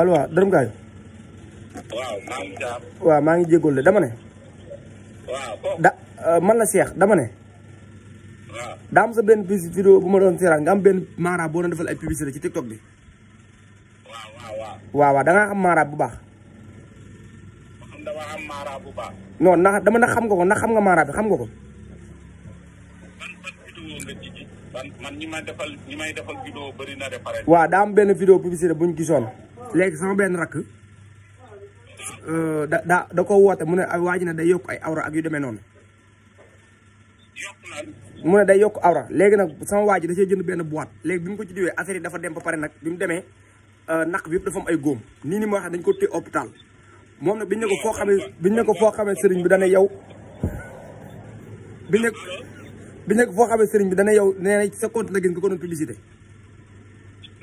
allo dërëm kaay. waaw maa ngi jaar. waaw maa ngi jégalu de dama ne. da euh, man la seex dama ne. waaw am sa benn bis vidéo bu ma doon seeraan nga am benn maara boo doon defal ay ci TikTok bi. waaw am maara bu baax. xam na dama ndax xam nga ko ndax xam nga mara bi xam nga ko. waa man daa am benn vidéo publicité bu ñu gisoon. léegi sama benn rakk euh, da da da ko woote mu ne waa ji ne day yokk ay awra ak yu demee noonu mu ne day yokk awra léegi nag sama waa ji da cee jënd benn boîte léegi bi mu ko ci diwee affaire yi dafa dem ba pare nag bi mu demee euh, naq bi yëpp dafa am ay góom nii ni ma waxee dañ ko téye hôpital moom nag bi ne ko xamee biñ ne ko foo xamee sëriñ bi dana yow biñ ne biñ ne ko foo xamee sëriñ bi dana yow nee na sa compte la gis nga ko doon publicité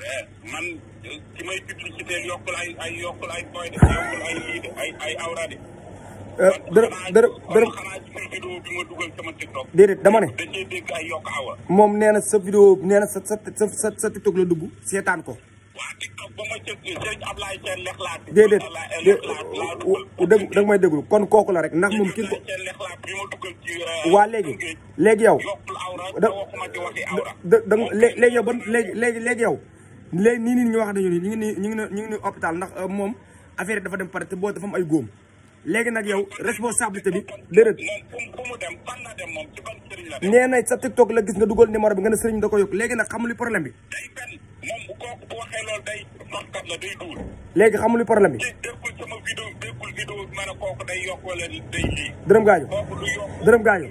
man ci dara dara dara déedéet dama ne. moom nee sa vidéo nee na sa sa sa sa TikTok la dugg seetaan ko. waa TikTok déedéet danga may déglu kon kooku la rek ndax moom kii ko. Euh, waa léegi léegi yow. da léegi yow ban léegi léegi yow. léegi nii nii ñu wax dañu ni ñu ngi ni ñu ngi ñu ngi ni hôpital ndax euh, moom affaire dafa dem pare te boo dafa am ay góom léegi nag yow responsabilité bi dërët nee na sa TikTok la gis nga dugal numéro bi nga ne sëriñ da ko yokk léegi nag xamu li problème bi léegi xamu li problème bi dërëm gaajo dërëm gaajo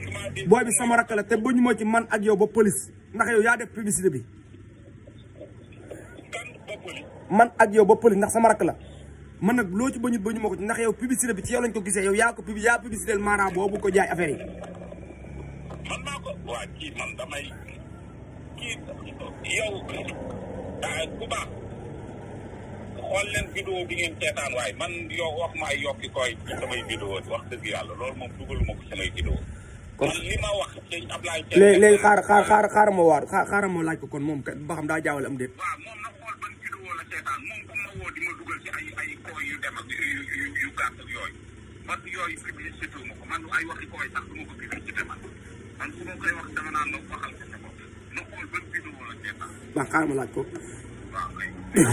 booy bi sama rakk la te bu ñu ci man ak yow ba police ndax yow yaa def publicité bi man ak yow ba pëli ndax sama rakk la man nag loo ci bañut bañu ma ko ci ndax yow publicité bi ci yow lañ ko gisee yow ko publicité ma laaj ko kon moom kat daa jaawale am déet. moom comme ma woo di ma dugal ci ay ay kooy yu dem ak yu yu ak yooyu man yooyu publicité wu ma ko man ay waxi kooy sax du ma ko publicité man man su ma koy wax dama naan la waxal ko sa bopp na xool ban vidéo la seetaan. waaw xaaral ma laaj ko. waaw kay.